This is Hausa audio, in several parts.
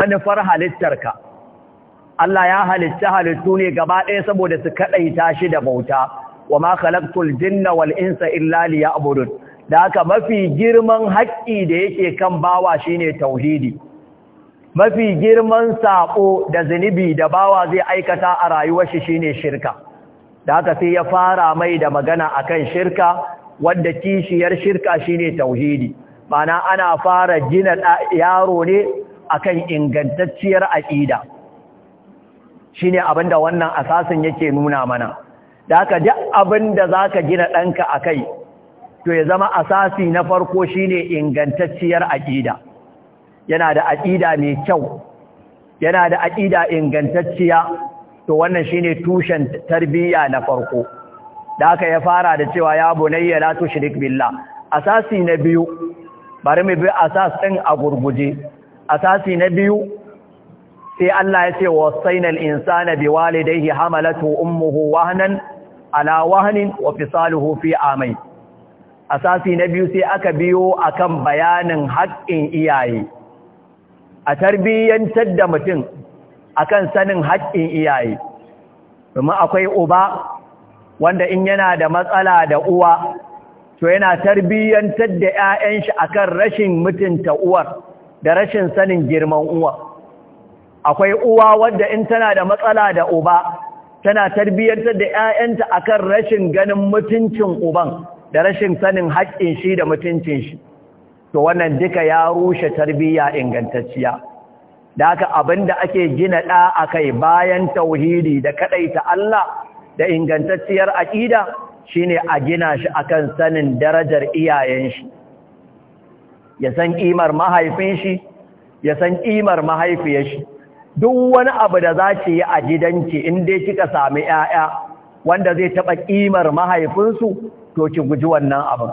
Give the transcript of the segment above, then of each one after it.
manufar halittarka Allah ya halitta halittu ne gaba ɗaya saboda su kaɗaita shi da bauta wa ma khalaqtul jinna wal insa illa liya'budun da haka mafi girman haƙƙi da yake kan bawa shine tauhidi mafi girman saƙo da zunubi da bawa zai aikata a rayuwar shi shine shirka da haka sai ya fara mai da magana akan shirka wadda kishiyar shirka shine tauhidi mana ana fara gina yaro ne akan ingantacciyar aƙida shine abinda wannan asasin yake nuna mana da haka duk abinda zaka gina ɗanka akai to ya zama asasi na farko shine ingantacciyar aƙida yana da aƙida mai kyau yana da aƙida ingantacciya to wannan shine tushen tarbiyya na farko da haka ya fara da cewa ya bunayya la tushrik billah asasi na biyu bari mu bi asas din a gurguje asasi na biyu sai Allah ya ce wa wasainal insana biwalidayhi hamalatu ummuhu wahnan ala wahnin wa fisaluhu fi amai asasi na biyu sai aka biyo akan bayanin haƙƙin iyaye a tarbiyyantar da mutum akan sanin haƙƙin iyaye kuma akwai uba wanda in yana da matsala da uwa to yana tarbiyyantar da 'ya'yan shi akan rashin mutunta uwar da rashin sanin girman uwa akwai uwa wadda in tana da matsala da uba tana tarbiyyantar da ƴaƴanta akan rashin ganin mutuncin uban da rashin sanin haƙƙin shi da mutuncin shi to wannan duka ya rushe tarbiyya ingantacciya da haka abinda ake gina ɗa a kai bayan tauhidi da kaɗaita Allah da ingantacciyar aƙida shine a gina shi akan sanin darajar iyayen shi ya san ƙimar mahaifin shi ya san ƙimar mahaifiyar shi duk wani abu da za ki yi a gidanki in dai kika sami 'ya'ya wanda zai taɓa ƙimar mahaifinsu to ki guji wannan abin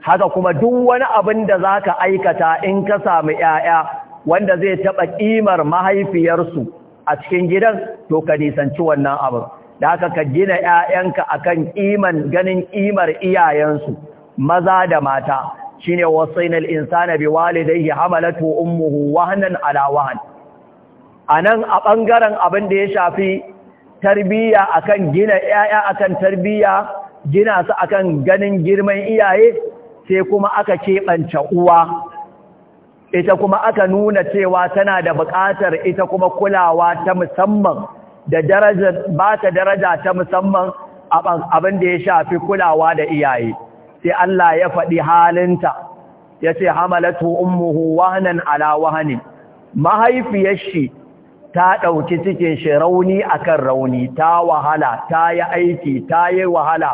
haka kuma duk wani abin da za ka aikata in ka sami 'ya'ya wanda zai taɓa ƙimar mahaifiyarsu a cikin gidan to ka nisanci wannan abin da haka ka gina ‘ya'yanka akan kan ƙiman ganin ƙimar iyayensu maza da mata shine wasaina al-insana biwalidayhi hamalatu ummuhu wahnan ala wahn anan a bangaren abin da ya shafi tarbiyya akan gina yaya akan tarbiyya gina su akan ganin girman iyaye sai kuma aka keɓance uwa ita kuma aka nuna cewa tana da buƙatar ita kuma kulawa ta musamman da daraja ba ta daraja ta musamman abin da ya shafi kulawa da iyaye sai Allah ya faɗi halinta ya ce hamalatu ummuhu wahanan ala wahanin mahaifiyar ta ɗauki cikin shi rauni akan rauni ta wahala ta yi aiki ta yi wahala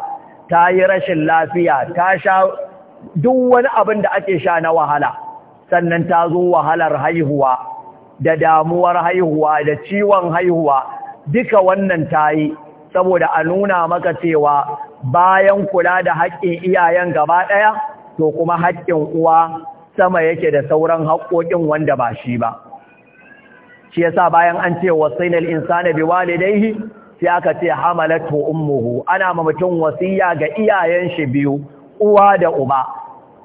ta yi rashin lafiya ta sha duk wani abin da ake sha na wahala sannan ta zo wahalar haihuwa da damuwar haihuwa da ciwon haihuwa duka wannan ta yi saboda a nuna maka cewa bayan kula da haƙƙin iyayen gaba ɗaya to kuma haƙƙin uwa sama yake da sauran haƙƙoƙin wanda ba shi ba shi yasa bayan an ce wasainal insana walidaihi, sai aka ce hamalatu ummuhu ana ma mutum wasiya ga iyayen shi biyu uwa da uba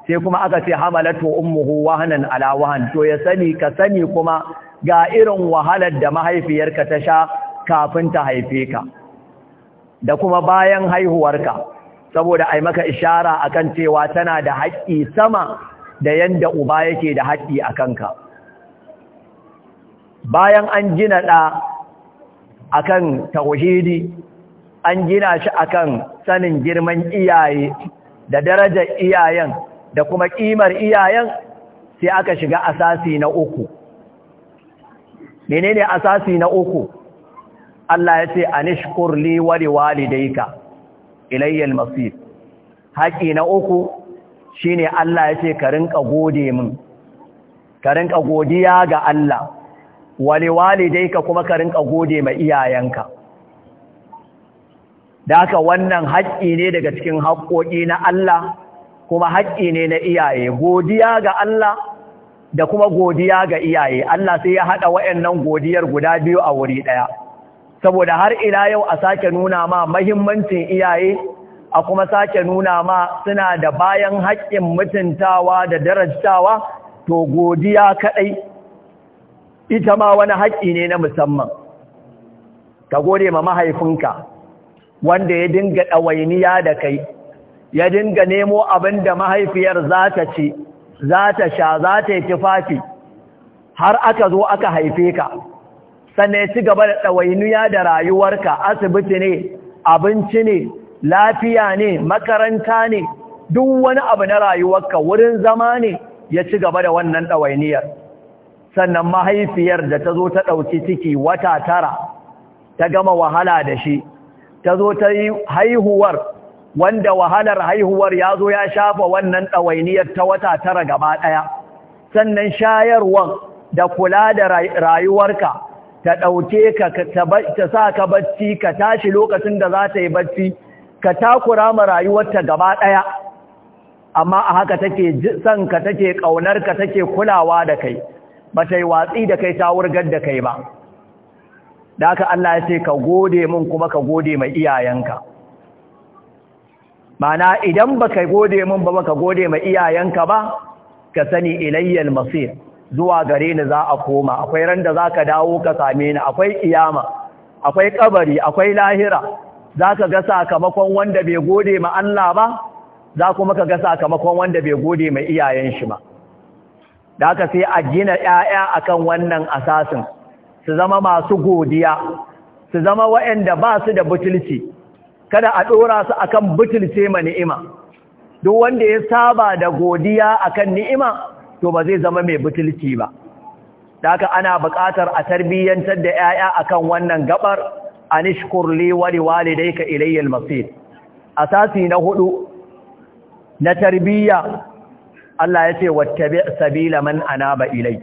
sai kuma aka ce hamalatu ummuhu wahanan ala wahan to ya sani ka sani kuma ga irin wahalar da mahaifiyarka ta sha kafin ta haife ka da kuma bayan haihuwarka saboda ai maka ishara akan cewa tana da haƙƙi sama da yanda uba yake da haƙƙi a kanka bayan an gina ɗa akan tauhidi an gina shi akan sanin girman iyaye da darajar iyayen da kuma ƙimar iyayen sai aka shiga asasi na uku menene asasi na uku Allah ya ce anishkur li wa liwalidayka ilayya masir haƙi na uku shine Allah ya ce ka rinka gode min ka rinka godiya ga Allah wa liwalidayka kuma ka rinka gode ma iyayenka da haka wannan haƙƙi ne daga cikin haƙoƙi na Allah kuma haƙƙi ne na iyaye godiya ga Allah da kuma godiya ga iyaye Allah sai ya haɗa wa'annan godiyar guda biyu a wuri ɗaya saboda har ila yau a sake nuna ma mahimmancin iyaye a kuma sake nuna ma suna da bayan haƙƙin mutuntawa da darajtawa to godiya kaɗai ita ma wani haƙƙi ne na musamman ka gode ma mahaifinka wanda ya dinga ɗawainiya da kai ya dinga nemo abin da mahaifiyar za ta ci za ta sha za ta yi tufafi har aka zo aka haife ka sannan ya ci gaba da ɗawainiya da rayuwarka asibiti ne abinci ne lafiya ne makaranta ne duk wani abu na rayuwarka wurin zama ne ya ci gaba da wannan ɗawainiyar sannan mahaifiyar da ta zo ta ɗauki ciki wata tara ta gama wahala da shi ta zo ta yi haihuwar wanda wahalar haihuwar ya zo ya shafa wannan ɗawainiyar ta wata tara gaba ɗaya sannan shayarwar da kula da rayuwarka ta ɗauke ka ta sa ka bacci ka tashi lokacin da za ta yi bacci ka takura ma rayuwarta gaba ɗaya amma a haka take son ka take ƙaunar ka take kulawa da kai ba ta yi watsi da kai ta wurgar da kai ba da haka Allah ya ce ka gode min kuma ka gode mai iyayenka mana idan ba ka gode mun ba ka gode mai iyayenka ba ka sani ilayyal masir zuwa gare ni za a koma akwai ran da zaka dawo ka same ni akwai kiyama akwai kabari akwai lahira zaka ga sakamakon wanda bai gode ma Allah ba za kuma ka ga sakamakon wanda bai gode ma iyayen shi ba da haka sai a gina ƴaƴa akan wannan asasin su zama masu godiya su zama waɗanda ba su da butulci kada a ɗora su akan butulce ma ni'ima duk wanda ya saba da godiya akan ni'ima to ba zai zama mai butulci ba da ana buƙatar a tarbiyyantar da 'ya'ya akan wannan gabar anishkur li ka liwalidayka ilayya al-masir asasi na hudu na tarbiyya Allah ya ce wattabi sabila man anaba ilai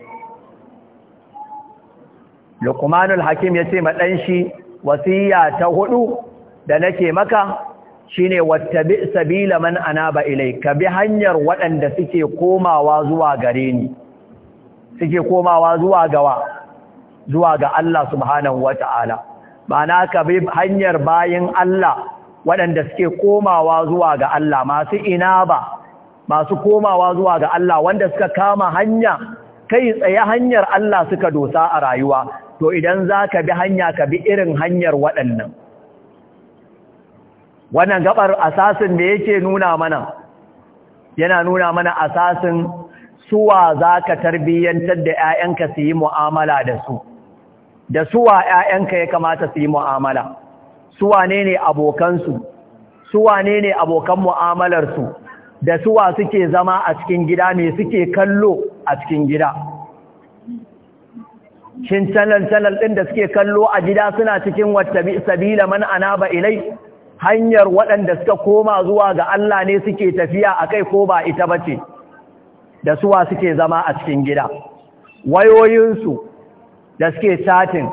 Luqmanul Hakim ya ce ma dan shi wasiya ta hudu da nake maka shine wattabi sabila man anaba ilai ka bi hanyar waɗanda suke komawa zuwa gare ni suke komawa zuwa gawa zuwa ga Allah subhanahu wata'ala ma'ana ka bi hanyar bayin Allah waɗanda suke komawa zuwa ga Allah masu inaba masu komawa zuwa ga Allah wanda suka kama hanya kai tsaye hanyar Allah suka dosa a rayuwa to idan za ka bi hanya ka bi irin hanyar waɗannan wannan gabar asasin da yake nuna mana yana nuna mana asasin suwa ka tarbiyyantar da 'ya'yanka su yi mu'amala da su da suwa 'ya'yanka ya kamata su yi mu'amala suwa ne ne abokansu suwa ne ne abokan mu'amalarsu da suwa suke zama a cikin gida mai suke kallo a cikin gida shin channel channel ɗin da suke kallo a gida suna cikin wata sabila man anaba ilai hanyar waɗanda suka koma zuwa ga Allah ne suke tafiya a kai ko ba ita ba ce, da suwa suke zama a cikin gida. Wayoyinsu da suke chatin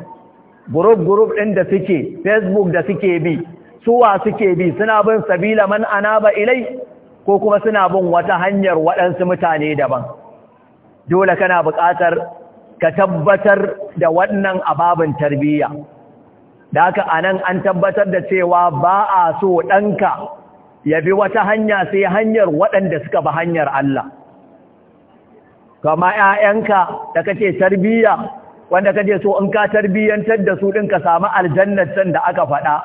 gurub-gurub ɗin da suke, Facebook da suke bi, suwa suke bi suna bin sabila man ana ba ilai ko kuma suna bin wata hanyar waɗansu mutane daban. Dole kana buƙatar ka tabbatar da wannan ababin tarbiyya. da haka anan an tabbatar da cewa ba a so ɗanka ya bi wata hanya sai hanyar waɗanda suka ba hanyar Allah kama ‘ya'yanka da kace tarbiyya wanda kace so in ka tarbiyyantar da su ɗin ka samu aljannatan da aka faɗa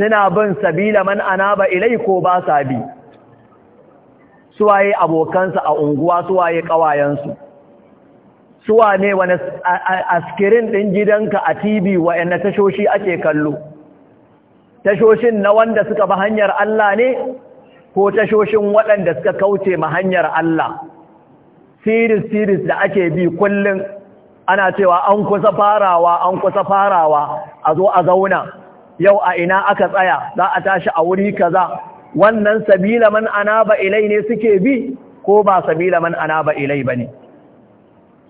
suna bin sabila man anaba ilai ko ba sa bi suwaye abokansu a unguwa suwaye ƙawayensu suwa ne wani askirin ɗin gidanka a tv wa'yanda tashoshi ake kallo tashoshin na wanda suka ba hanyar Allah ne ko tashoshin waɗanda suka kauce ma hanyar Allah siris-siris da ake bi kullum ana cewa an kusa farawa an kusa farawa a zo a zauna yau a ina aka tsaya za a tashi a wuri kaza wannan sabila man ba ilai ne suke bi ko ba sabila man ba ilai ba ne?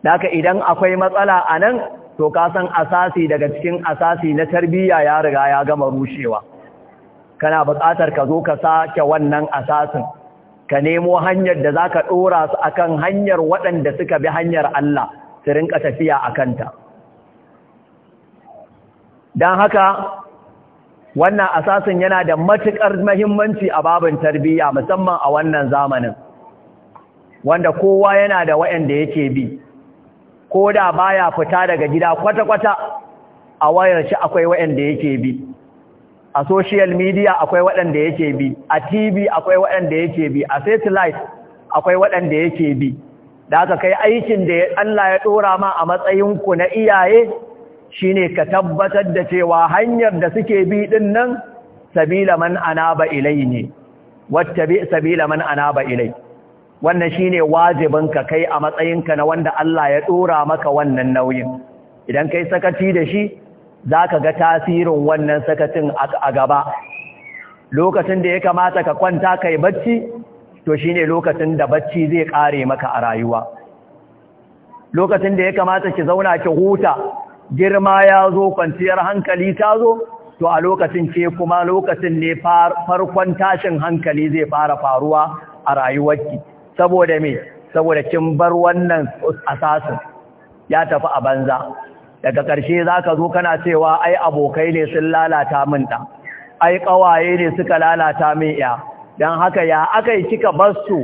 Daka idan akwai matsala a nan, to ka san asasi daga cikin asasi na tarbiyya ya riga ya gama rushewa. Kana buƙatar ka zo ka sake wannan asasin, ka nemo hanyar da za ka ɗora su a kan hanyar waɗanda suka bi hanyar Allah, su rinƙa tafiya a kanta. Don haka, wannan asasin yana da matuƙar mahimmanci a babin tarbiyya musamman a wannan zamanin. wanda kowa yana da waɗanda yake bi ko da baya fita daga gida kwata-kwata a wayar akwai waɗanda yake bi a social media akwai waɗanda yake bi a tv akwai waɗanda yake bi a satellite akwai waɗanda yake bi da aka kai aikin da Allah ya ɗora ma a matsayinku na iyaye Shi ne ka tabbatar da cewa hanyar da suke bi ɗin nan sabila man anaba ilai ne wata sabila man anaba ilai wannan shine wajibin ka kai a matsayinka na wanda Allah ya ɗora maka wannan nauyin idan kai sakaci da shi za ka ga tasirin wannan sakacin a gaba lokacin da ya kamata ka kwanta kai bacci to shi ne lokacin da bacci zai kare maka a rayuwa lokacin da ya kamata ki zauna ki huta girma ya zo kwanciyar hankali ta zo to a lokacin ce kuma lokacin ne farkon tashin hankali zai fara faruwa a rayuwarki saboda me saboda kin bar wannan asasin ya tafi a banza daga ƙarshe zaka zo kana cewa ai abokai ne sun lalata min da ai ƙawaye ne suka lalata min ya dan haka ya akai kika barsu su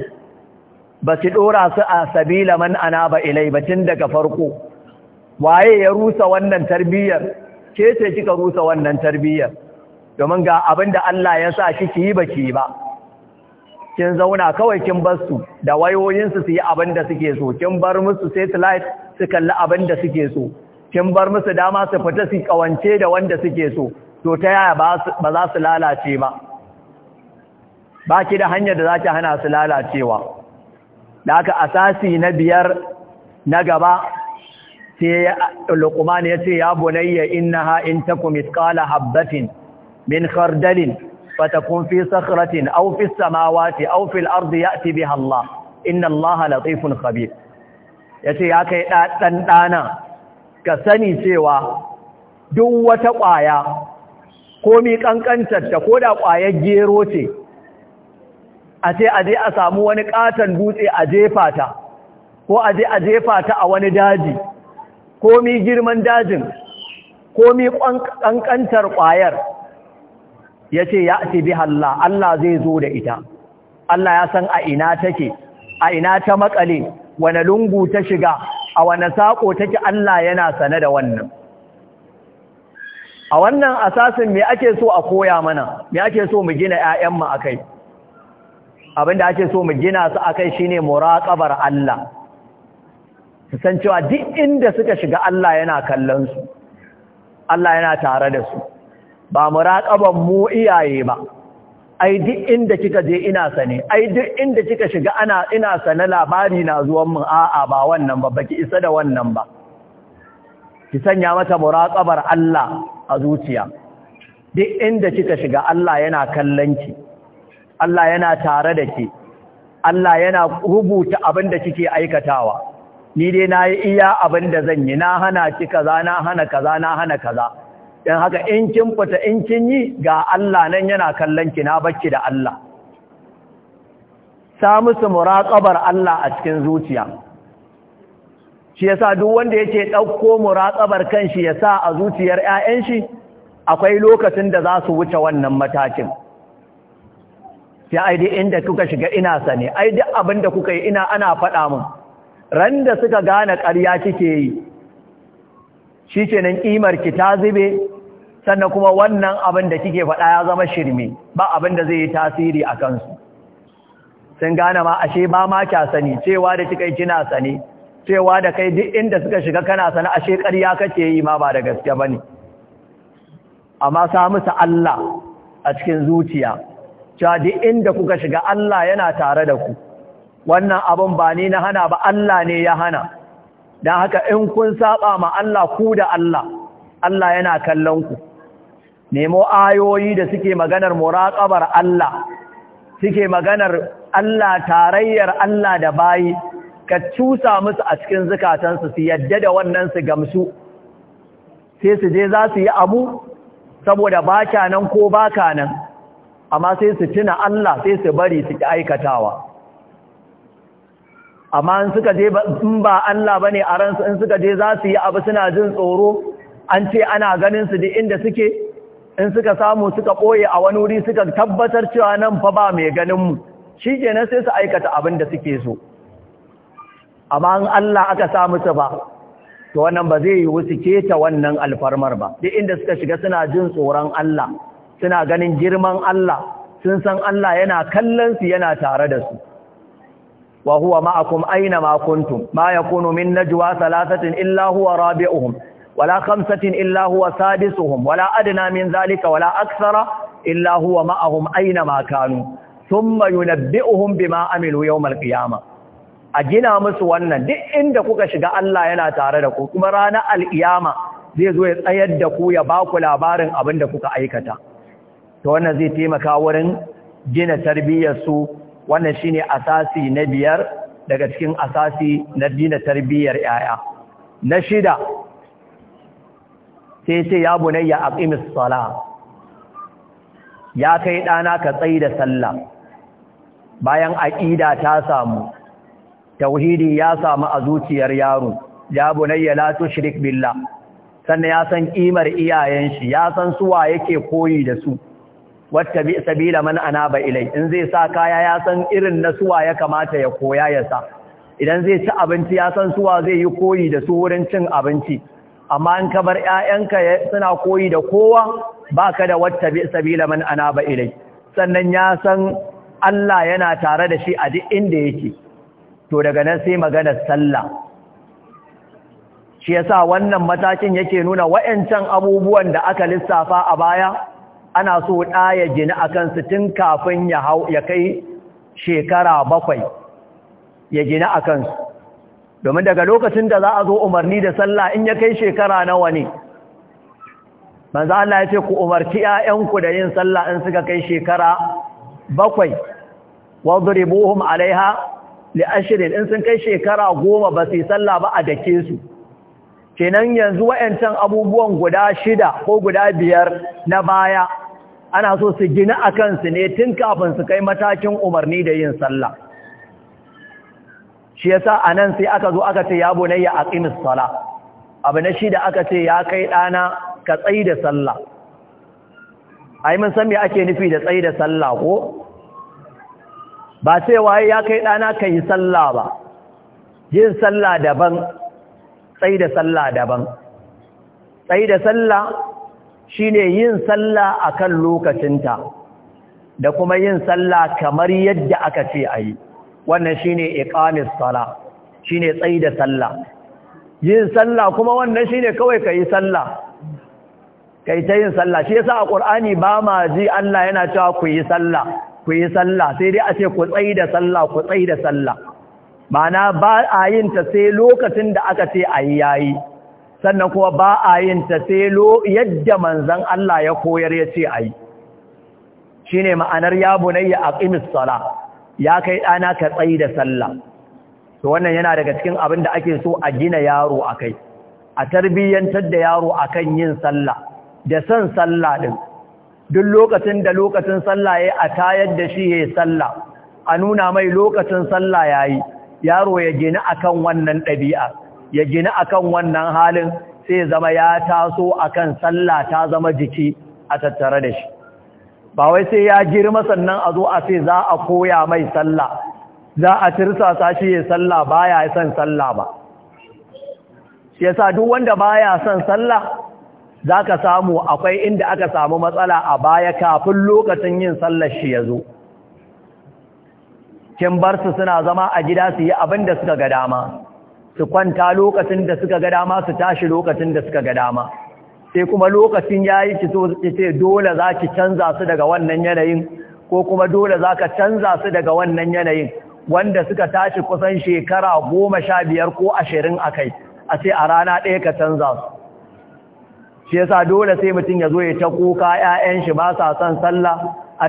ba su dora su a sabila man anaba ilai ba tun daga farko waye ya rusa wannan tarbiyyar ke ce kika rusa wannan tarbiyyar domin ga abinda Allah ya sa kiki yi baki ba kin zauna kawai kin bar su da wayoyinsu su yi abin da suke so kin bar musu satellite su kalli abin da suke so kin bar musu dama su fita su kawance da wanda suke so to ta yaya ba za su lalace ba ba ki da hanyar da za ki hana su lalacewa da aka asasi na biyar na gaba sai luqman ya ce ya bunayya innaha in takum mithqala habatin min khardalin fatakun fi sakhratin aw fi samawati aw fil ardi ya'ti biha Allah inna Allah latifun khabir yace ya kai dan dana ka sani cewa duk wata kwaya mi kankantar ta koda kwayar gero ce a ce a je a samu wani ƙaton dutse a jefa ta ko a je a jefa ta a wani daji mi girman dajin komi kankantar kwayar ya ce ya ce bi Allah Allah zai zo da ita Allah ya san a ina take a ina ta makale wane lungu ta shiga a wane saƙo take Allah yana sane da wannan a wannan asasin me ake so a koya mana me ake so mu gina kai? akai abinda ake so mu gina su a akai shine muraƙabar Allah su san cewa duk inda suka shiga Allah yana kallon su Allah yana tare da su ba muraƙaban mu iyaye ba ai duk inda kika je ina sane ai duk inda kika shiga ana ina sane labari na zuwan mu a'a ba wannan ba baki isa da wannan ba ki sanya mata muraƙabar Allah a zuciya duk inda kika shiga Allah yana kallon ki Allah yana tare da ki Allah yana rubuta abin da kike aikatawa ni dai nayi iya abin da zan yi na hana ki kaza na hana kaza na hana kaza don haka in kin fita in kin yi ga Allah nan yana kallon ki na bacci da Allah sa musu muraqabar Allah a cikin zuciya shi yasa duk wanda yake dauko muraqabar kanshi yasa a zuciyar ƴaƴan shi akwai lokacin da za su wuce wannan matakin sai ai dai inda kuka shiga ina sane ai duk abinda kuka yi ina ana faɗa mun Randa suka gane ƙarya kike yi shi kenan ƙimar ki ta zube sannan kuma wannan abin da kike faɗa ya zama shirme ba abin da zai yi tasiri a kansu sun gane ma ashe ba ma kya sani cewa da kika yi kina sani cewa da kai duk inda suka shiga kana sani ashe ƙarya kake yi ma ba da gaske ba ne. amma sa musu Allah a cikin zuciya cewa duk inda kuka shiga Allah yana tare da ku wannan abin ba ni na hana ba Allah ne ya hana don haka in kun saba ma Allah ku da Allah Allah yana kallon ku nemo ayoyi da suke maganar muraqabar Allah suke maganar Allah tarayyar Allah da bayi ka cusa musu a cikin zukatansu su yadda da wannan su gamsu sai su je za su yi abu saboda baka nan ko baka nan amma sai su tuna Allah sai su bari su ki aikatawa amma in suka je in ba Allah bane a ransu in suka je za su yi abu suna jin tsoro an ce ana ganin su duk inda suke in suka samu suka boye a wani wuri suka tabbatar cewa nan fa ba mai ganin mu shikenan sai su aikata abin da suke so amma in Allah aka sa musu ba to wannan ba zai yiwu su keta wannan alfarmar ba duk inda suka shiga suna jin tsoron Allah suna ganin girman Allah sun san Allah yana kallon su yana tare da su wa huwa ma'akum aina ma kuntum ma yakunu min najwa thalathatin illa huwa rabi'uhum wala khamsatin illa huwa sadisuhum wala adna min zalika wala akthara illa huwa ma'ahum aina ma kanu thumma yunabbi'uhum bima amilu yawm al-qiyamah a gina musu wannan duk inda kuka shiga Allah yana tare da ku kuma ranar al'iyama zai zo ya tsayar da ku ya ba ku labarin abin da kuka aikata ta wannan zai taimaka wurin gina tarbiyyar su. wannan shine asasi na biyar daga cikin asasi na dina tarbiyyar yaya na shida sai sai ya bunayya aqimis sala ya kai dana ka tsayi da sallah bayan aqida ta samu tauhidi ya samu a zuciyar yaro ya bunayya la tushrik billah sannan ya san kimar iyayen shi ya san suwa yake koyi da su wata bi sabila man anaba ilai in zai sa kaya ya san irin na suwa ya kamata ya koya ya sa idan zai ci abinci ya san suwa zai yi koyi da su wurin cin abinci amma in ka bar ƴaƴanka suna koyi da kowa baka da wata bi sabila man anaba ilai sannan ya san Allah yana tare da shi a duk inda yake to daga nan sai maganar sallah shi yasa wannan matakin yake nuna wa'ancan abubuwan da aka lissafa a baya ana so ɗa ya jini a kansu tun kafin ya hau ya kai shekara bakwai ya jini a kansu domin daga lokacin da za a zo umarni da sallah in ya kai shekara nawa ne manzo Allah ya ce ku umarci 'ya'yanku da yin sallah in suka kai shekara bakwai wadribuhum alaiha li ashirin in sun kai shekara goma ba su sallah ba a dake su kenan yanzu wayancan abubuwan guda shida ko guda biyar na baya ana so su gina a kansu ne tun kafin su kai matakin umarni da yin sallah shi ya sa a nan sai aka zo aka ce ya bunayya ya ƙimis sala abu na shi da aka ce ya kai ɗana ka tsayi da sallah ai mun san me ake nufi da tsayi da sallah ko ba sai waye ya kai ɗana ka yi sallah ba yin sallah daban tsayi da sallah daban tsayi da sallah shine yin sallah akan lokacinta da kuma yin sallah kamar yadda aka ce ayi wannan shine iqamis sala shine tsayi da sallah yin sallah kuma wannan shine kawai kai sallah kai ta yin sallah shi yasa a qur'ani ba ma ji Allah yana cewa ku yi sallah ku yi sallah sai dai a ce ku tsayi da sallah ku tsayi da sallah ma'ana ba a yin ta sai lokacin da aka ce ayi yayi sannan kuma ba a yin ta sai yadda manzan Allah ya koyar ya ce a yi shi ne ma'anar ya bunayya a ƙimis ya kai ɗana ka tsayi da sallah to wannan yana daga cikin abin da ake so a gina yaro a kai a tarbiyyantar da yaro akan yin sallah da son sallah ɗin duk lokacin da lokacin sallah ya a tayar da shi ya sallah a nuna mai lokacin sallah ya yi yaro ya gina a kan wannan ɗabi'a ya gina akan wannan halin sai zama ya taso akan sallah ta zama jiki a tattare da shi ba wai sai ya girma sannan a zo a ce za a koya mai sallah za a tirsasa shi ya sallah baya son sallah ba shi yasa duk wanda baya son sallah zaka samu akwai inda aka samu matsala a baya kafin lokacin yin sallar shi ya zo kin bar su suna zama a gida su yi abin da suka ga dama su kwanta lokacin da suka ga dama su tashi lokacin da suka ga dama sai kuma lokacin yayi ki so ce dole za ki canza su daga wannan yanayin ko kuma dole za ka canza su daga wannan yanayin wanda suka tashi kusan shekara goma sha biyar ko ashirin a kai a ce a rana ɗaya ka canza su shi yasa dole sai mutum ya zo ya ta kuka 'ya'yan shi ba sa son sallah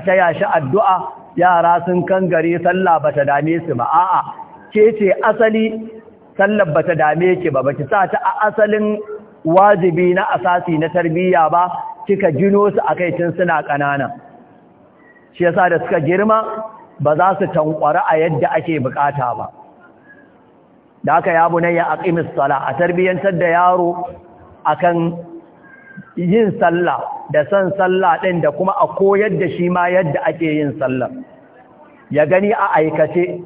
a taya shi addu'a yara sun kan gare sallah bata dame su ba a'a ke ce asali sallar ba ta dame ki ba ba ki sa ta a asalin wajibi na asasi na tarbiyya ba kika jino su a kai tun suna ƙanana shi yasa da suka girma ba za su tankwara a yadda ake bukata ba da aka yabu na ya aqimis sala a tarbiyyantar da yaro akan yin sallah da san sallah ɗin da kuma a koyar da shi ma yadda ake yin sallah ya gani a aikace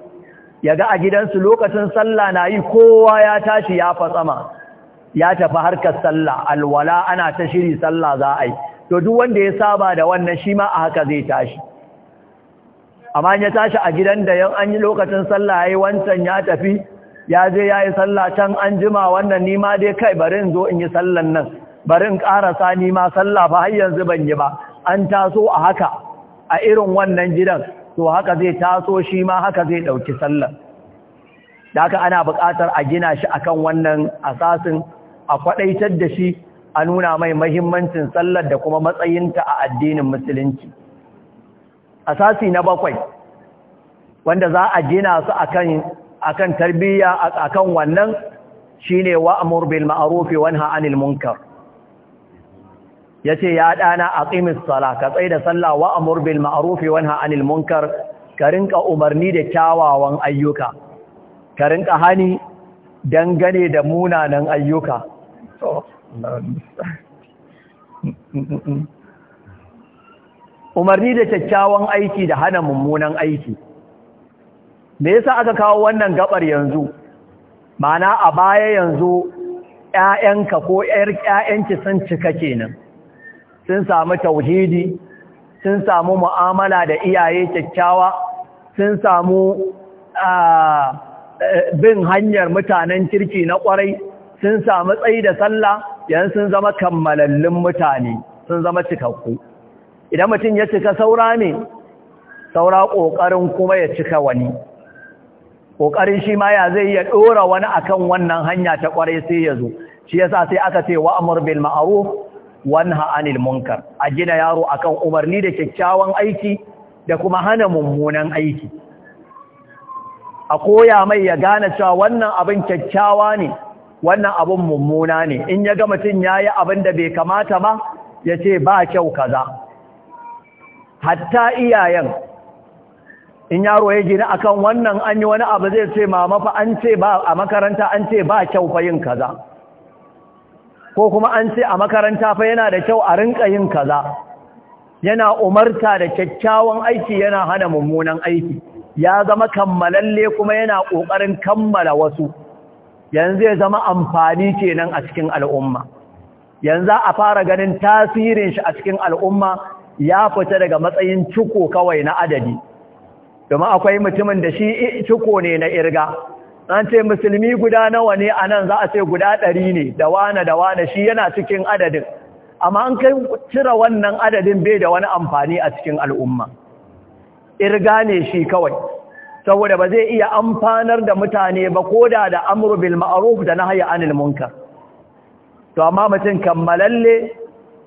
ya ga a gidansu lokacin sallah na yi kowa ya tashi ya fatsama ya tafi harkar sallah alwala ana ta shiri sallah za a yi to duk wanda ya saba da wannan shi ma a haka zai tashi amma ya tashi a gidan da yan an yi lokacin sallah yayi wancan ya tafi ya je yayi sallah can an jima wannan ni ma dai kai bari in zo in yi sallan nan bari in karasa ni ma sallah ba har yanzu ban yi ba an taso a haka a irin wannan gidan to haka zai taso shi ma haka zai ɗauki sallar da ana buƙatar a gina shi akan wannan asasin a kwaɗaitar da shi a nuna mai mahimmancin sallar da kuma matsayinta a addinin musulunci asasi na bakwai wanda za a gina su akan akan tarbiyya akan wannan shine wa'mur bil ma'ruf wa nahy 'anil munkar yace ya dana aqimis sala ka tsai da sallah wa amur bil ma'ruf wa nha anil munkar ka rinka umarni da kyawawan ayyuka ka rinka hani dangane da munanan ayyuka umarni da kyakkyawan aiki da hana mummunan aiki me yasa aka kawo wannan gabar yanzu mana a baya yanzu ƴaƴanka ko ƴaƴanki san cika kenan sun samu tauhidi sun samu mu'amala da iyaye kyakkyawa sun samu bin hanyar mutanen kirki na kwarai sun samu tsayi da sallah yan sun zama kammalallin mutane sun zama cikakku idan mutum ya cika saura ne saura ƙoƙarin kuma ya cika wani ƙoƙarin shi ma ya zai ya ɗora wani akan wannan hanya ta kwarai sai ya zo shi yasa sai aka ce wa'amur bil ma'ruf wanha anil munkar a gina yaro akan umarni da kyakkyawan aiki da kuma hana mummunan aiki a koya mai ya gane cewa wannan abin kyakkyawa ne wannan abin mummuna ne in ya ga mutum yayi abin da bai kamata ba yace ce ba kyau kaza hatta iyayen in yaro ya gina akan wannan an yi wani abu zai ce mama fa an ce ba a makaranta an ce ba kyau fa yin kaza ko kuma an ce a makaranta fa yana da kyau a rinka yin kaza yana umarta da kyakkyawan aiki yana hana mummunan aiki ya zama kammalalle kuma yana ƙoƙarin kammala wasu yanzu ya zama amfani kenan a cikin al'umma yanzu a fara ganin tasirin shi a cikin al'umma ya fita daga matsayin ciko kawai na adadi domin akwai mutumin da shi ciko ne na irga an ce musulmi guda nawa ne a nan za a ce guda ɗari ne da wane da wane shi yana cikin adadin amma an kai cire wannan adadin bai da wani amfani a cikin al'umma irga ne shi kawai saboda ba zai iya amfanar da mutane ba ko da da amru bil ma'ruf da nahyi anil munkar to amma mutum kammalalle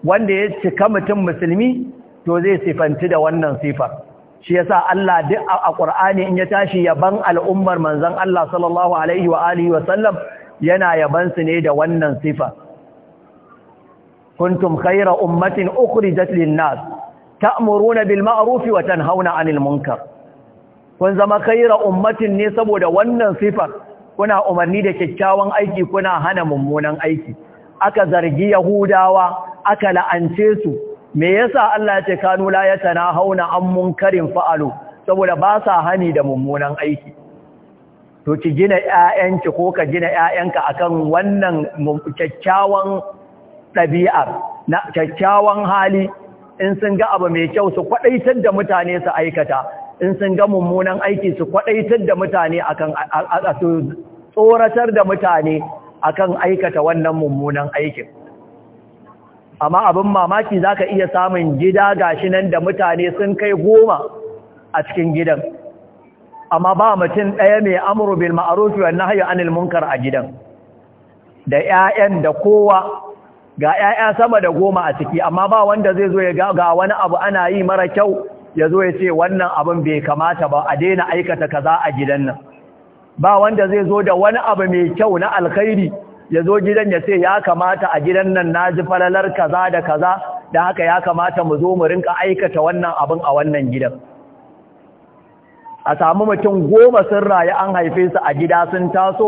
wanda ya cika mutum musulmi to zai sifanci da wannan sifar shi yasa Allah duk a Qur'ani in ya tashi yaban al'ummar manzon Allah sallallahu alaihi wa alihi wa sallam yana yaban su ne da wannan sifa kuntum khayra ummatin ukhrijat lin-nas ta'muruna bil ma'ruf wa tanhauna 'anil munkar kun zama khayra ummatin ne saboda wannan sifa kuna umarni da kyakkyawan aiki kuna hana mummunan aiki aka zargi yahudawa aka la'ance su me yasa Allah ya ce kanu la hauna an munkarin fa'alu saboda ba sa hani da mummunan aiki to ki gina ƴaƴanki ko ka gina ƴaƴanka akan wannan kyakkyawan ɗabi'ar na kyakkyawan hali in sun ga abu mai kyau su kwadaitar da mutane su aikata in sun ga mummunan aiki su kwadaitar da mutane akan a tsoratar da mutane akan aikata wannan mummunan aikin amma abin mamaki za ka iya samun gida gashi nan da mutane sun kai goma a cikin gidan amma ba mutum ɗaya mai amuru bil ma'arufi wa nahyu anil munkar a gidan da 'ya'yan da kowa ga 'ya'ya sama da goma a ciki amma ba wanda zai zo ya ga wani abu ana yi mara kyau ya zo ya ce wannan abin bai kamata ba a daina aikata kaza a gidan nan ba wanda zai zo da wani abu mai kyau na alkhairi ya zo gidan ya ce ya kamata a gidan nan na ji falalar kaza da kaza da haka ya kamata mu zo mu rinka aikata wannan abin a wannan gidan a samu mutum goma sun rayu an haife su a gida sun taso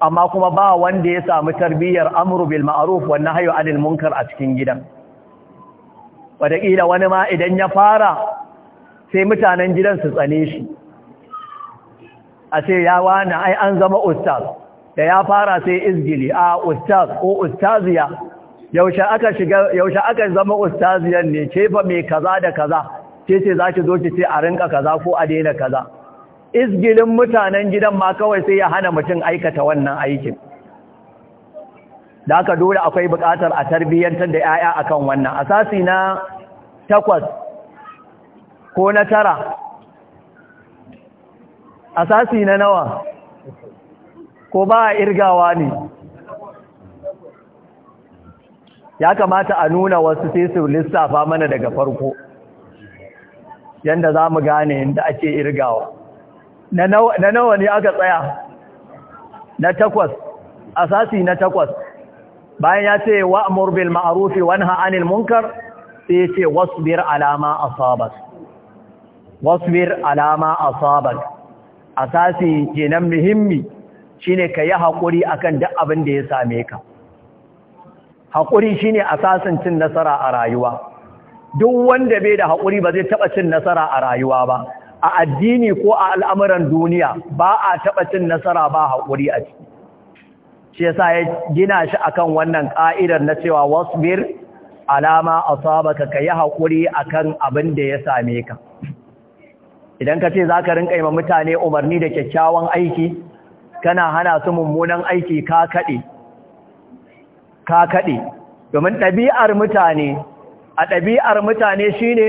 amma kuma ba wanda ya samu tarbiyyar amru bil ma'ruf wa nahyu anil munkar a cikin gidan wataƙila wani ma idan ya fara sai mutanen gidan su tsane shi a ce ya wani ai an zama ustaz da ya fara sai izgili a ustaz ko ustaziya yaushe aka shiga yaushe aka zama ustaziyan ne ce fa mai kaza da kaza ce ce zaki zo ki ce a rinka kaza ko a daina kaza izgilin mutanen gidan ma kawai sai ya hana mutum aikata wannan aikin da aka dole akwai buƙatar a tarbiyyantar da 'ya'ya akan wannan asasi na takwas ko na tara asasi na nawa ko ba a irgawa ne ya kamata a nuna wasu sai su lissafa mana daga farko yadda za mu gane inda ake irgawa na nawa ne aka tsaya na takwas asasi na takwas bayan ya ce wa bil ma'arufi wani nahy 'anil munkar sai ya ce wasbir alama asabak wasbir alama asabak asasi nan muhimmi shine ka yi haƙuri akan duk abin da ya same ka haƙuri shine asasin cin nasara a rayuwa duk wanda bai da haƙuri ba zai taɓa cin nasara a rayuwa ba a addini ko a al'amuran duniya ba a taɓa cin nasara ba haƙuri a ciki shi yasa ya gina shi a kan wannan ƙa'idar na cewa wasbir alama a asabaka ka yi haƙuri akan abin da ya same ka idan ka ce za ka rinƙa mutane umarni da kyakkyawan aiki kana hana su mummunan aiki ka kaɗe ka kaɗe domin ɗabi'ar mutane a ɗabi'ar mutane shi ne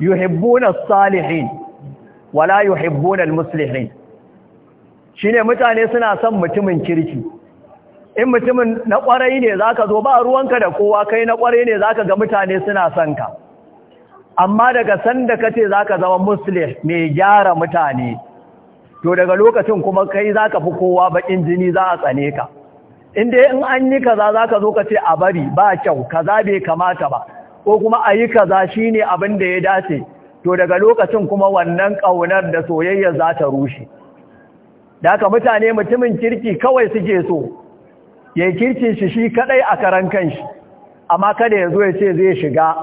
yuhibbuna salihin wala yuhibbuna Shi ne mutane suna son mutumin kirki in mutumin na ƙwarai ne za ka zo ba ruwanka da kowa kai na ƙwarai ne za ka ga mutane suna son ka amma daga sanda ka ce za ka zama muslih mai gyara mutane to daga lokacin kuma kai za ka fi kowa baƙin jini za a tsane ka Inda dai in an yi kaza za ka zo ka ce a bari ba kyau kaza bai kamata ba ko kuma a yi kaza shi ne abin da ya dace to daga lokacin kuma wannan ƙaunar da soyayya za ta rushe da mutane mutumin kirki kawai suke so ya kirkin shi shi kaɗai a karan kanshi amma kada ya zo ya ce zai shiga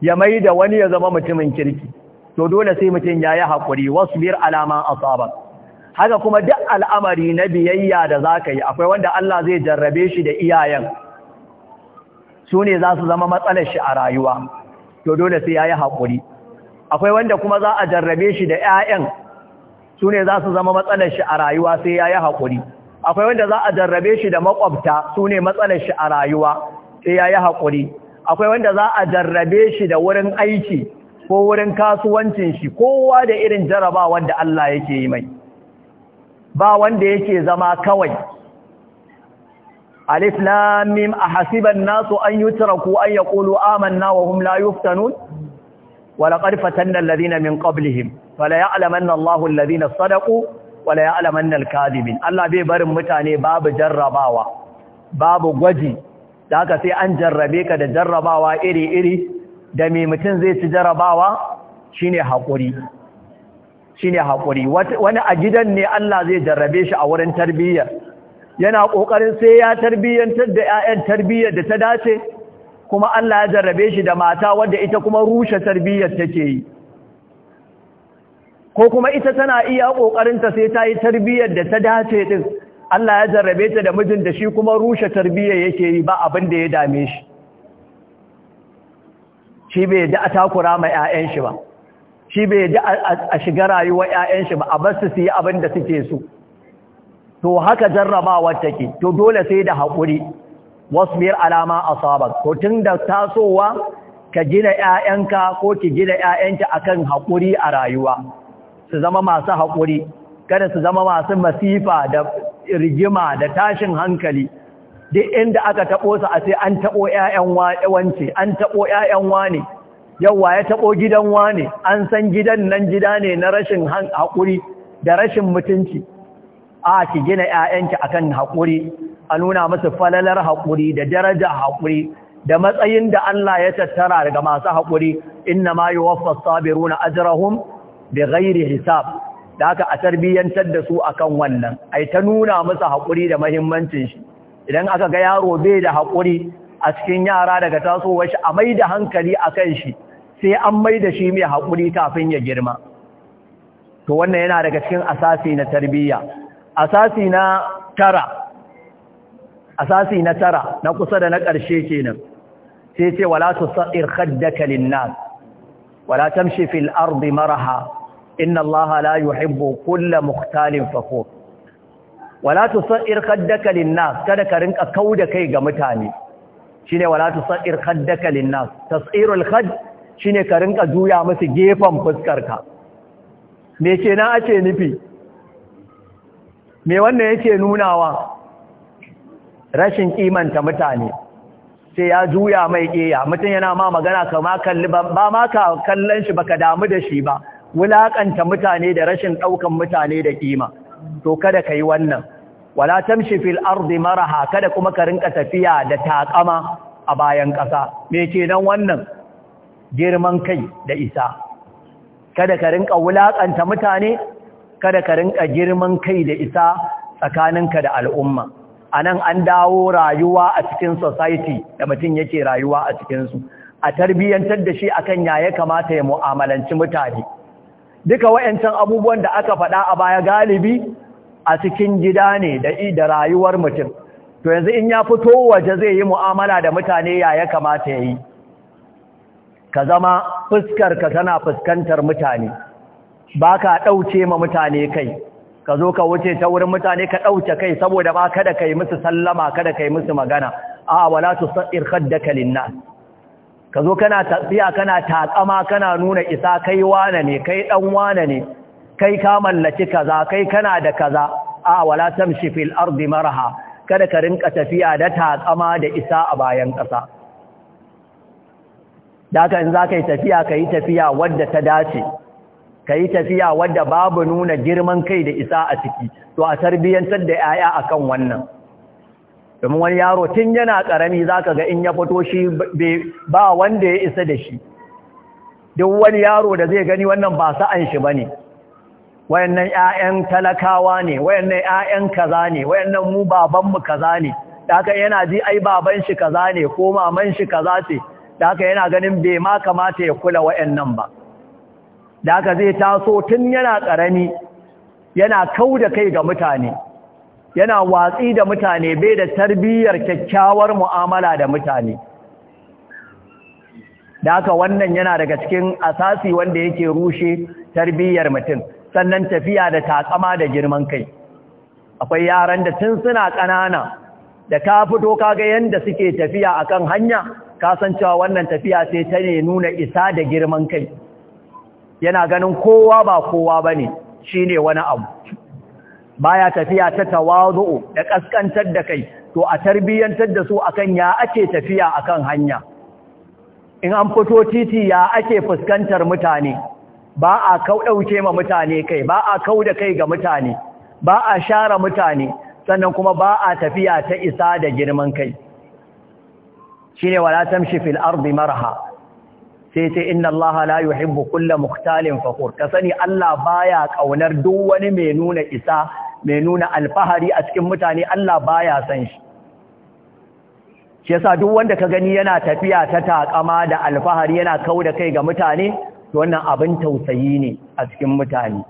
ya mai da wani ya zama mutumin kirki to dole sai mutum ya yi haƙuri biyar alama asaba haka kuma duk al'amari na biyayya da za ka yi akwai wanda Allah zai jarrabe shi da iyayen su ne za su zama matsalar shi a rayuwa to dole sai ya yi haƙuri akwai wanda kuma za a jarrabe shi da 'ya'yan su ne za su zama matsalar shi a rayuwa sai ya yi haƙuri akwai wanda za a jarrabe shi da makwabta su ne matsalar shi a rayuwa sai ya yi haƙuri akwai wanda za a jarrabe shi da wurin aiki ko wurin kasuwancin shi kowa da irin jaraba wanda Allah yake yi mai ba wanda yake zama kawai alif lam mim ahasiban nasu an yutraku an yaqulu amanna wa hum la yuftanun wa laqad fatanna alladhina min qablihim fala ya'lamanna Allahu alladhina sadaqu wa la ya'lamanna al Allah bai barin mutane babu jarrabawa babu gwaji da haka sai an jarrabe ka da jarrabawa iri-iri da mai mutum zai ci jarabawa shine haƙuri shine haƙuri wani a gidan ne Allah zai jarrabe shi a wurin tarbiyyar yana ƙoƙarin sai ya tarbiyyantar da 'ya'yan tarbiyyar da ta dace kuma Allah ya jarrabe shi da mata wadda ita kuma rushe tarbiyyar take yi ko kuma ita tana iya ƙoƙarinta sai ta yi tarbiyyar da ta dace din Allah ya jarrabe ta da mijin da shi kuma rushe tarbiyyar yake yi ba abin da ya dame shi shi bai yadda a takura ma 'ya'yan shi ba shi bai yadda a shiga rayuwar 'ya'yan shi ba a basu su su yi abin da suke so to haka jarrabawar take to dole sai da haƙuri wasu biyar alama a sabar to tun da tasowa ka gina 'ya'yanka ko ki gina 'ya'yanki kan haƙuri a rayuwa su zama masu haƙuri kada su zama masu masifa da rigima da tashin hankali duk inda aka taɓo su a sai an taɓo ‘ya'yan wance an taɓo ‘ya'yan wane yawa ya taɓo gidan wane an san gidan nan gida ne na rashin haƙuri da rashin mutunci a ki gina ‘ya'yanki akan haƙuri a nuna musu falalar haƙuri da daraja haƙuri da matsayin da Allah ya tattara daga masu haƙuri inna ma yi waffa sabiru na ajirahun da gairi hisab da aka a tarbiyyantar da su akan wannan ai ta nuna musu haƙuri da mahimmancin shi idan aka ga yaro bai da haƙuri a cikin yara daga tasowar shi a mai da hankali a kan shi sai an mai da shi mai haƙuri kafin ya girma to wannan yana daga cikin asasi na tarbiyya asasi na tara asasi na tara na kusa da na ƙarshe kenan sai ce wala tusair khaddaka linnas wala tamshi fil ardi maraha inna allaha la yuhibbu kulla mukhtalin fakhur wala sa'ir khaddaka linnas kada ka rinka kauda kai ga mutane shine wala sa'ir khaddaka linnas tasirul khadd shine ka rinka juya musu gefen fuskarka me kenan ake nufi me wannan yake nunawa rashin kimanta mutane sai ya juya mai ƙeya mutum yana ma magana kama kalli ba ma ka kallon shi baka damu da shi ba wulakanta mutane da rashin ɗaukan mutane da kima to kada ka yi wannan wala tamshi fil ardi maraha kada kuma ka rinka tafiya da taƙama a bayan ƙasa me ke nan wannan girman kai da isa kada ka rinka wulaƙanta mutane kada ka rinka girman kai da isa tsakaninka da al'umma anan an dawo rayuwa a cikin society da mutum yake rayuwa a cikinsu a tarbiyyantar da shi akan yaya kamata ya mu'amalanci mutane duka wayancan abubuwan da aka faɗa a baya galibi a cikin gida ne da da rayuwar mutum to yanzu in ya fito waje zai yi mu'amala da mutane ya ya kamata yayi ka zama fuskar ka tana fuskantar mutane baka ka ma mutane kai ka zo ka wuce ta wurin mutane ka ɗauce kai saboda ba kada ka musu sallama kada ka musu magana a wala tu sa'ir khaddaka linnas ka zo kana tafiya kana taƙama kana nuna isa kai wane ne kai ɗan wane ne kai ka mallaki kaza kai kana da kaza a wala tamshi fil ardi maraha kada ka rinka tafiya da taƙama da isa a bayan ƙasa da ka in za ka yi tafiya ka yi tafiya wadda ta dace ka yi tafiya wadda babu nuna girman kai da isa a ciki to a tarbiyyantar da 'ya'ya akan wannan domin wani yaro tun yana ƙarami za ka ga in ya fito shi ba wanda ya isa da shi duk wani yaro da zai gani wannan ba sa'an shi ba ne wayannan ƴaƴan talakawa ne wayannan ƴaƴan kaza ne wayannan mu baban mu kaza ne haka yana ji ai baban shi kaza ne ko maman shi kaza ce haka yana ganin bai ma kamata ya kula wayannan ba haka zai taso tun yana karami yana kau da kai ga mutane yana watsi da mutane bai da tarbiyyar kyakkyawar mu'amala da mutane haka wannan yana daga cikin asasi wanda yake rushe tarbiyyar mutum sannan tafiya da takama da girman kai akwai yaran da tun suna ƙanana da ka fito kaga yadda suke tafiya akan hanya ka cewa wannan tafiya sai ta ne nuna isa da girman kai yana ganin kowa ba kowa ba ne, shi ne wani abu baya tafiya ta tawazu da ƙasƙantar da kai to a tarbiyyantar da su akan ya ake tafiya akan hanya in an fito titi ya ake fuskantar mutane ba a kau ɗauke ma mutane kai ba a kau da kai ga mutane ba a share mutane sannan kuma ba a tafiya ta isa da girman kai shine wala tamshi fil ardi marha sai ce inna Allah la yuhibbu kulla mukhtalin fakhur ka sani Allah baya kaunar duk wani mai nuna isa mai nuna alfahari a cikin mutane Allah baya san shi shi yasa duk wanda ka gani yana tafiya ta takama da alfahari yana kau da kai ga mutane wannan abin tausayi ne a cikin mutane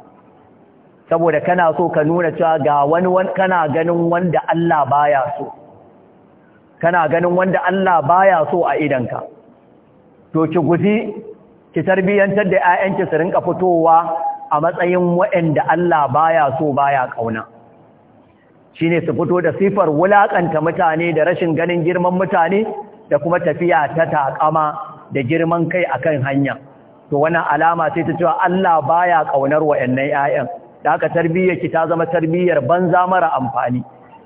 saboda kana so ka nuna cewa ga wani kana ganin wanda Allah baya so kana ganin wanda Allah baya so a idanka to ki guji ki tarbiyantar da 'ya'yanki su rinka fitowa a matsayin waɗanda Allah baya so baya kauna shine su fito da sifar wulakanta mutane da rashin ganin girman mutane da kuma tafiya ta takama da girman kai akan hanya to wannan alama sai ta cewa Allah baya kaunar wayannan ƴaƴan da haka tarbiyyar ki ta zama tarbiyyar banza mara amfani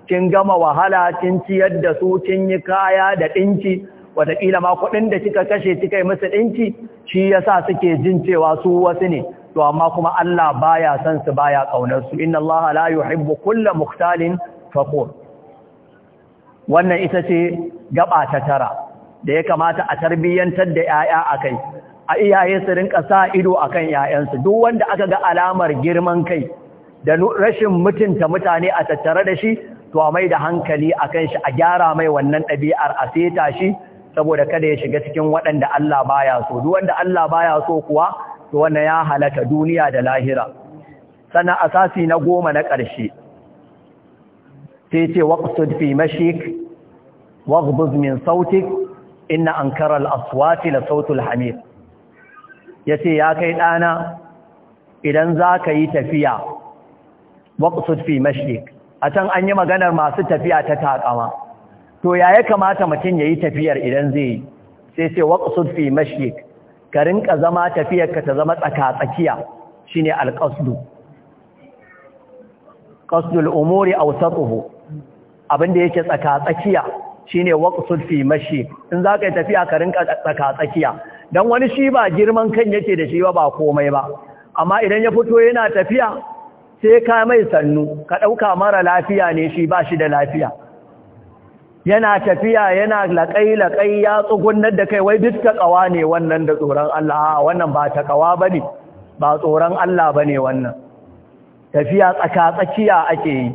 kin gama wahala kin ciyar da su kin yi kaya da dinki wataƙila ma kuɗin da kika kashe kika yi musu dinki shi yasa suke jin cewa su wasu ne to amma kuma Allah baya son su baya kaunar su inna Allah la yuhibbu kulla mukhtalin faqur wannan ita ce gaba ta tara da ya kamata a tarbiyyantar da 'ya'ya akai a iyaye su rinka sa ido a kan yayansu duk wanda aka ga alamar girman kai da rashin mutunta mutane a tattare da shi to a mai da hankali a kan shi a gyara mai wannan ɗabi'ar a seta shi saboda kada ya shiga cikin waɗanda Allah baya so duk wanda Allah baya so kuwa to wannan ya halata duniya da lahira sannan asasi na goma na ƙarshe sai ce waqsud fi mashik min sautik inna ankara al-aswati la sautul ya ce ya kai ɗana idan za ka yi tafiya waƙusud fi mashrik a can an yi maganar masu tafiya ta taƙama to ya ya kamata mutum ya yi tafiyar idan zai yi sai sai waƙusud fi karin ka zama tafiyar ka ta zama tsaka-tsakiya shi ne alƙasdu ƙasdul umuri a wasatuhu abinda yake tsaka-tsakiya shi ne waƙusud fi mashrik in za ka yi tafiya ka rinka tsaka-tsakiya don wani shi ba girman kan yake da shi ba ba komai ba amma idan ya fito yana tafiya sai ka mai sannu ka ɗauka mara lafiya ne shi ba shi da lafiya yana tafiya yana laƙai-laƙai ya tsugunar da kai wai duk ƙawa ne wannan da tsoron Allah wannan ba ƙawa ba ne ba tsoron Allah ba wannan tafiya tsaka-tsakiya ake yi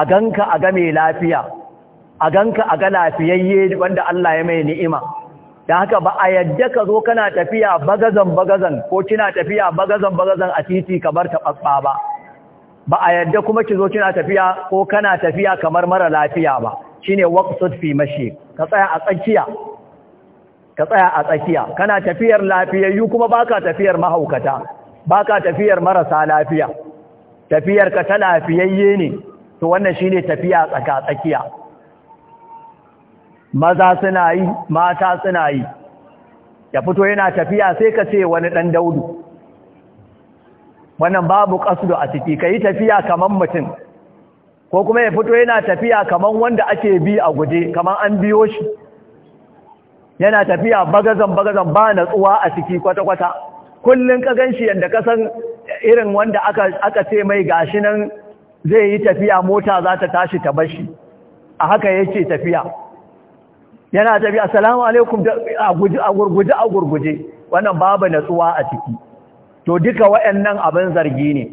a ganka a ga mai lafiya a ganka a ga lafiyayye wanda Allah ya mai ni'ima da haka ba a yadda ka zo kana tafiya bagazan-bagazan ko kina tafiya bagazan-bagazan a titi kamar taɓaɓɓa ba ba a yadda kuma ki zo kina tafiya ko kana tafiya kamar mara lafiya ba shine waqsud fi mashi ka tsaya a tsakiya ka tsaya a tsakiya kana tafiyar lafiyayyu kuma baka tafiyar mahaukata baka tafiyar marasa lafiya tafiyar ka ta lafiyayye ne to wannan shine tafiya tsaka tsakiya maza suna yi mata suna yi ya fito yana tafiya sai ka ce wani ɗan daudu wannan babu ƙasudu a ciki ka yi tafiya kamar mutum ko kuma ya fito yana tafiya kamar wanda ake bi a guje kamar an biyo shi yana tafiya bagazan-bagazan ba natsuwa a ciki kwata-kwata kullum ka gan shi yadda ka san irin wanda aka ce mai gashi nan zai yi tafiya mota za ta tashi ta bashi a haka yake tafiya yana tafi assalamu alaikum a guje a gurguje a gurguje wannan babu natsuwa a ciki to duka wayannan abin zargi ne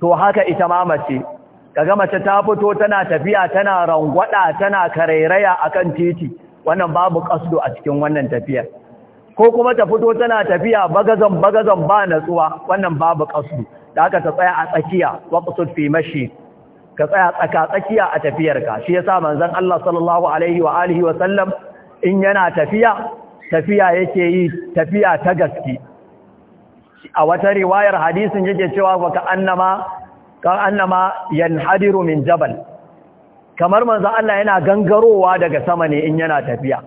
to haka ita ma mace kaga mace ta fito tana tafiya tana rangwada tana karairaya akan titi wannan babu kasdo a cikin wannan tafiyar ko kuma ta fito tana tafiya bagazan bagazan ba natsuwa wannan babu kasdo da haka ta tsaya a tsakiya waqsud fi mashi ka tsaya tsaka tsakiya a tafiyarka shi yasa manzon Allah sallallahu alaihi wa alihi wa sallam in yana tafiya tafiya yake yi tafiya ta gaske a wata riwayar hadisin yake cewa fa ka annama ka annama yanhadiru min jabal kamar manzon Allah yana gangarowa daga sama ne in yana tafiya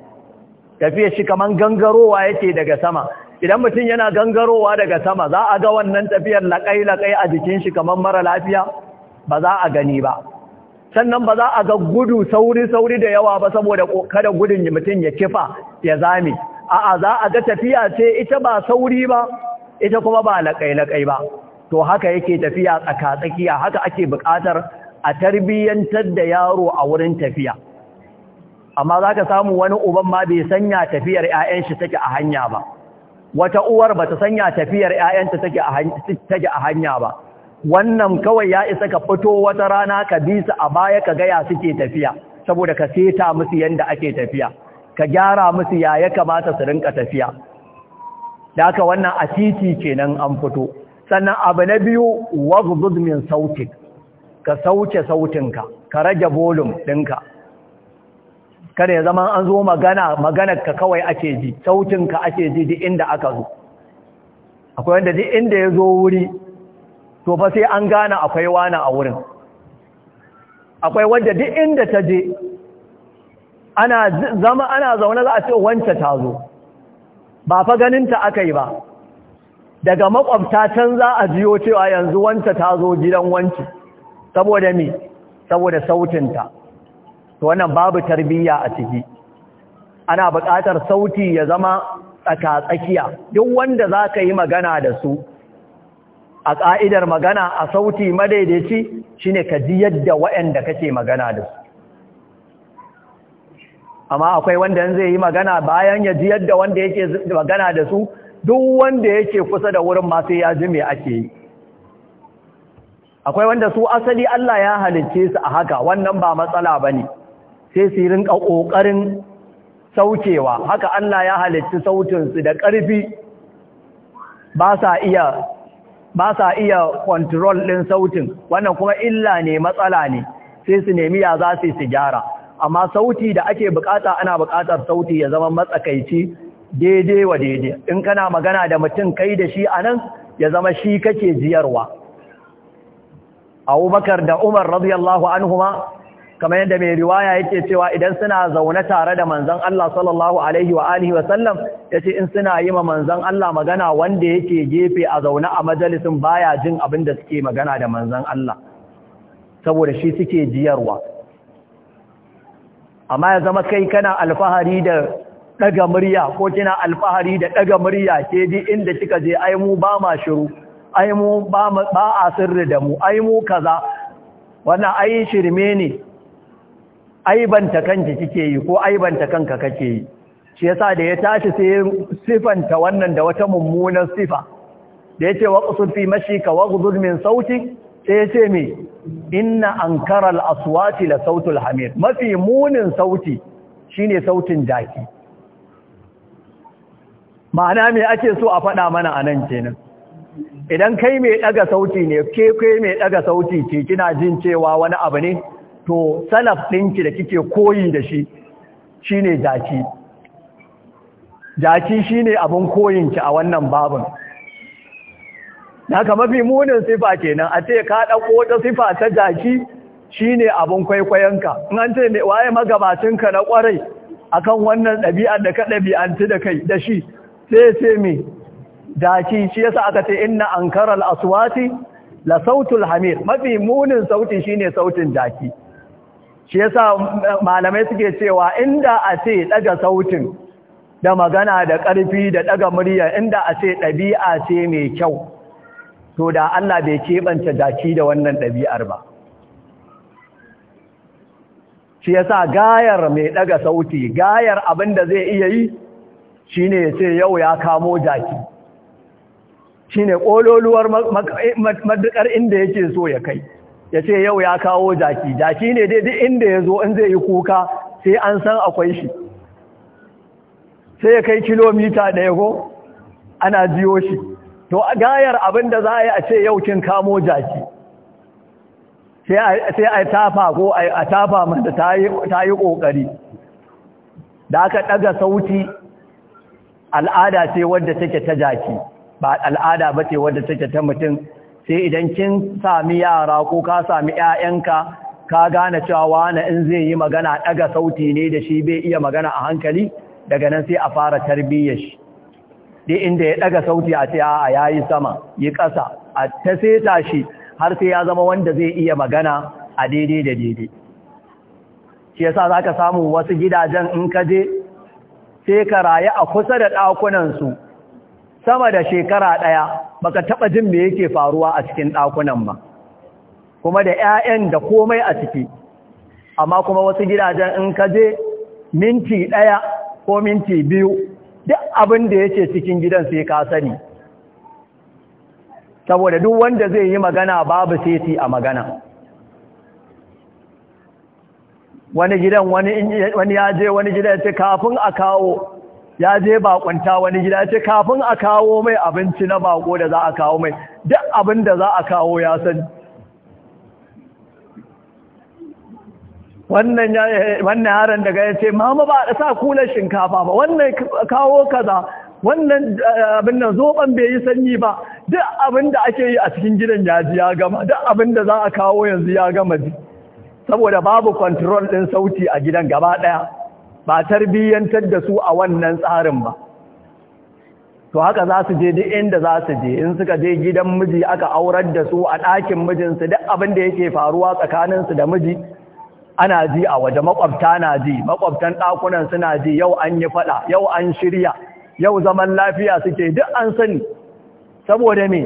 tafiya shi kaman gangarowa yake daga sama idan mutum yana gangarowa daga sama za a ga wannan tafiyar laƙai-laƙai a jikin shi kamar mara lafiya ba za a gani ba sannan ba za a ga gudu sauri-sauri da yawa ba saboda kada gudun mutum ya kifa ya zame a'a za a ga tafiya ce ita ba sauri ba ita kuma ba laƙai-laƙai ba to haka yake tafiya tsaka-tsakiya haka ake buƙatar a tarbiyyantar da yaro a wurin tafiya amma za ka samu wani uban ma bai sanya tafiyar 'ya'yan shi take a hanya ba wata uwar ba ta sanya tafiyar 'ya'yanta take a hanya ba wannan kawai ya isa ka fito wata rana ka bi su a baya ka gaya suke tafiya saboda ka seta musu yanda ake tafiya ka gyara musu ya ya kamata su rinka tafiya da aka wannan a titi kenan an fito sannan abu na biyu waghdud min sautin, ka sauke sautinka ka rage bolum ɗinka kada ya zama an zo magana magana ka kawai ake ji sautinka ake ji duk inda aka zo akwai wanda duk inda ya zo wuri to fa sai an gane akwai wani a wurin akwai wanda duk inda ta je ana zama ana zaune za a ce wance ta zo ba fa ganinta aka yi ba daga makwabta can za a jiyo cewa yanzu wancan ta zo gidan wanci saboda me saboda sautinta to wannan babu tarbiyya a ciki ana buƙatar sauti ya zama tsaka-tsakiya duk wanda za ka yi magana da su a ƙa'idar magana a sauti madaidaici shine ka ji yadda waɗanda kake magana da su amma akwai wanda zai yi magana bayan ya ji yadda wanda yake magana da su duk wanda yake kusa da wurin masu ya ji me ake yi akwai wanda su asali Allah ya halicce su a haka wannan ba matsala ba ne sai su rinka ƙoƙarin saukewa haka Allah ya halicci sautinsu da ƙarfi ba sa iya ba sa iya control ɗin sautin wannan kuma illa ne matsala ne sai su nemi ya za su su gyara amma sauti da ake bukata ana bukatar sauti ya zama matsakaici daidai wa daidai in kana magana da mutum kai da shi anan ya zama shi kake jiyarwa Abubakar da Umar radiyallahu ma. kamar yadda mai riwaya yake cewa idan suna zaune tare da manzon Allah sallallahu alaihi wa alihi wa sallam yace in suna yi ma manzon Allah magana wanda yake gefe a zaune a majalisin baya jin abin da suke magana da manzon Allah saboda shi suke jiyarwa amma ya zama kai kana alfahari da daga murya ko kina alfahari da daga murya ke ji inda kika je ai mu ba ma shiru ai mu ba a sirri da mu ai mu kaza wannan ai shirme ne aibanta kanki kike yi ko aibanta kanka kake yi shi yasa da ya tashi sai sifanta wannan da wata mummunar sifa da yace waqsul fi mashika waghdur min sauti sai yace me inna ankara al-aswati la sautul hamir mafi munin sauti shine sautin jaki ma'ana me ake so a faɗa mana anan kenan idan kai mai daga sauti ne ke kai mai daga sauti ce kina jin cewa wani abu ne to salaf ɗinki da kike koyi da shi shine jaki jaki shine abin koyinki a wannan babin ka mafi munin sifa kenan a ce ka ɗauko wata sifa ta jaki shine abin kwaikwayonka in an ce waye ka na kwarai akan wannan ɗabi'ar da ka ɗabi'anci da kai da shi sai ce me jaki shi yasa aka ce inna ankaral aswati la sautul hamir mafi munin sauti shine sautin jaki shi yasa eh, malamai suke cewa inda a ce daga sautin da magana da ƙarfi da daga murya inda a ce ɗabi'a ce mai kyau to da Allah bai keɓanta jaki da wannan ɗabi'ar ba shi yasa gayar mai daga sauti gayar abin da zai iya yi shine ya ce yau ya kamo jaki shine ƙololuwar madukar inda yake so ya kai ya ce yau ya kawo jaki jaki ne dai duk inda ya zo in zai yi kuka sai an san akwai shi sai ya kai kilomita ɗaya ko ana jiyo shi to a gayar abin da za a yi a ce yau kin kamo jaki sai a tafa ko a tafa mata ta yi ƙoƙari da aka ɗaga sauti al'ada ce wadda take ta jaki ba al'ada ba ce wadda take ta mutum sai idan kin sami yara ko ka sami ƴaƴanka ka gane cewa wani in zai yi magana ɗaga sauti ne da shi bai iya magana a hankali daga nan sai a fara tarbiyyar shi dai inda ya ɗaga sauti a ce a ya yi sama yi ƙasa a ta seta shi har sai ya zama wanda zai iya magana a daidai da daidai shi yasa za samu wasu gidajen in ka je sai ka rayu a kusa da su sama da shekara ɗaya baka taba jin me yake faruwa a cikin dakunan ba kuma da ƴaƴan da komai a ciki amma kuma wasu gidajen in ka je minti ɗaya ko minti biyu duk abin da yake cikin gidan sai ka sani saboda duk wanda zai yi magana babu sai a magana wani gidan wani ya je wani gidan ce kafin a kawo ya je bakunta wani gida ce kafin a kawo mai abinci na bako da za a kawo mai duk abin da za a kawo ya sani wannan yaron daga ya ce mama ba a sa kula shinkafa ba wannan kawo kaza wannan eh, abin nan zoben bai yi sanyi ba duk abin da ake yi a cikin gidan ya ji ya gama duk abin da za a kawo yanzu ya gama ji saboda babu control din sauti a gidan gaba daya ba tarbiyyantar da su a wannan tsarin ba to haka za su je duk inda za su je in suka je gidan miji aka aurar da su a ɗakin mijinsu duk abin da yake faruwa tsakaninsu da miji ana ji a waje makwabta na ji makwabtan ɗakunan suna ji yau an yi faɗa yau an shirya yau zaman lafiya suke duk an sani saboda me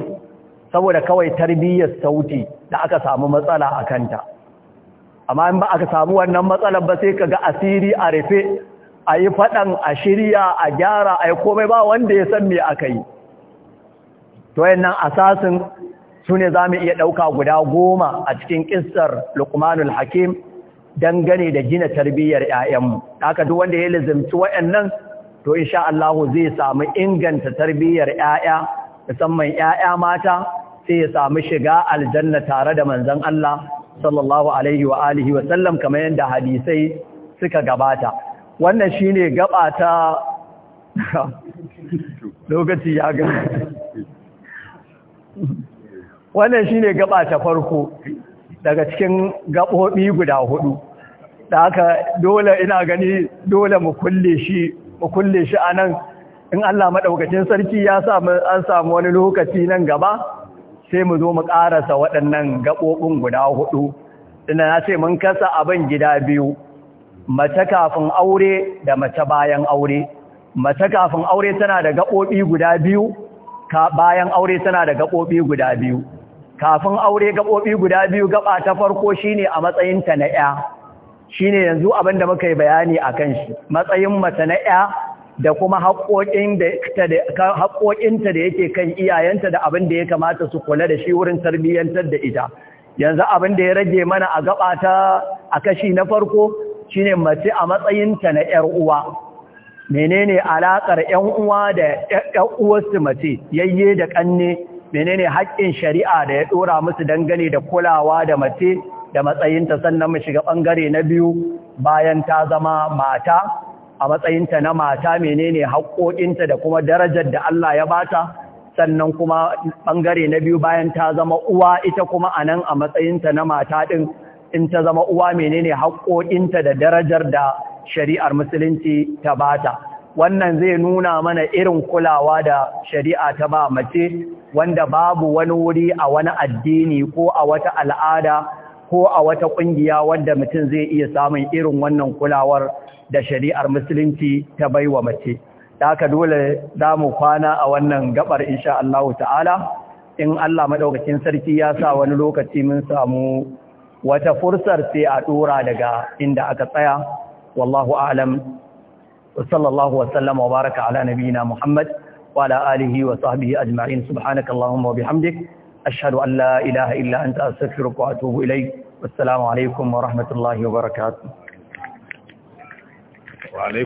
saboda kawai tarbiyyar sauti da aka samu matsala a kanta amma in ba aka samu wannan matsalar ba sai ka ga asiri a rufe a yi faɗan a shirya a gyara a yi komai ba wanda ya san me aka yi to yannan asasin su ne za mu iya ɗauka guda goma a cikin ƙistar lukmanul hakim dangane da gina tarbiyyar 'ya'yanmu haka duk wanda ya lizimci waɗannan to insha Allah zai samu inganta tarbiyyar 'ya'ya musamman 'ya'ya mata sai ya samu shiga aljanna tare da manzon Allah sallallahu alaihi wa alihi wa sallam kamar yadda hadisai suka gabata wannan shine gaba ta lokaci ya ga wannan shine gaba ta farko daga cikin gabobi guda hudu da haka dole ina gani dole mu kulle shi mu kulle shi anan in Allah madaukakin sarki ya samu an samu wani lokaci nan gaba sai mu zo mu ƙarasa waɗannan gaɓoɓin guda hudu inda na ce mun kasa abin gida biyu mace kafin aure da mace bayan aure mace kafin aure tana da gaɓoɓi guda biyu bayan aure tana da gaɓoɓi guda biyu kafin aure gaɓoɓi guda biyu gaɓa ta farko shine a matsayinta na 'ya shine yanzu abin da muka yi bayani a kan shi matsayin mace na 'ya da kuma haƙoƙinta da yake kan iyayenta da abin da ya kamata su kula da shi wurin tarbiyyantar da ita yanzu abin da ya rage mana a gaba ta a kashi na farko shine mace a matsayinta na ‘yar’uwa. uwa menene alaƙar yanuwa uwa da ‘yar’uwarsu uwarsu mace yayye da ƙanne? menene haƙƙin shari'a da ya ɗora musu dangane da kulawa da mace da matsayinta sannan mu shiga ɓangare na biyu bayan ta zama mata a matsayinta na mata menene haƙoƙinta da kuma darajar da Allah ya bata sannan kuma ɓangare na biyu bayan ta zama uwa ita kuma a nan a matsayinta na mata ɗin in ta zama uwa menene haƙoƙinta da darajar da shari'ar musulunci ta bata wannan zai nuna mana irin kulawa da shari'a ta ba mace wanda babu wani wuri a wani addini ko a wata al'ada ko a wata ƙungiya wanda mutum zai iya samun irin wannan kulawar da shari'ar musulunci ta baiwa mace da aka dole za mu kwana a wannan gabar insha Allah ta'ala in Allah madaukakin sarki ya sa wani lokaci mun samu wata fursar sai a dora daga inda aka tsaya wallahu a'lam sallallahu wasallam wa baraka ala nabiyina muhammad wa ala alihi wa sahbihi ajma'in subhanaka allahumma wa bihamdik ashhadu an la ilaha illa anta astaghfiruka wa atubu ilayk wassalamu alaikum wa rahmatullahi wa barakatuh wa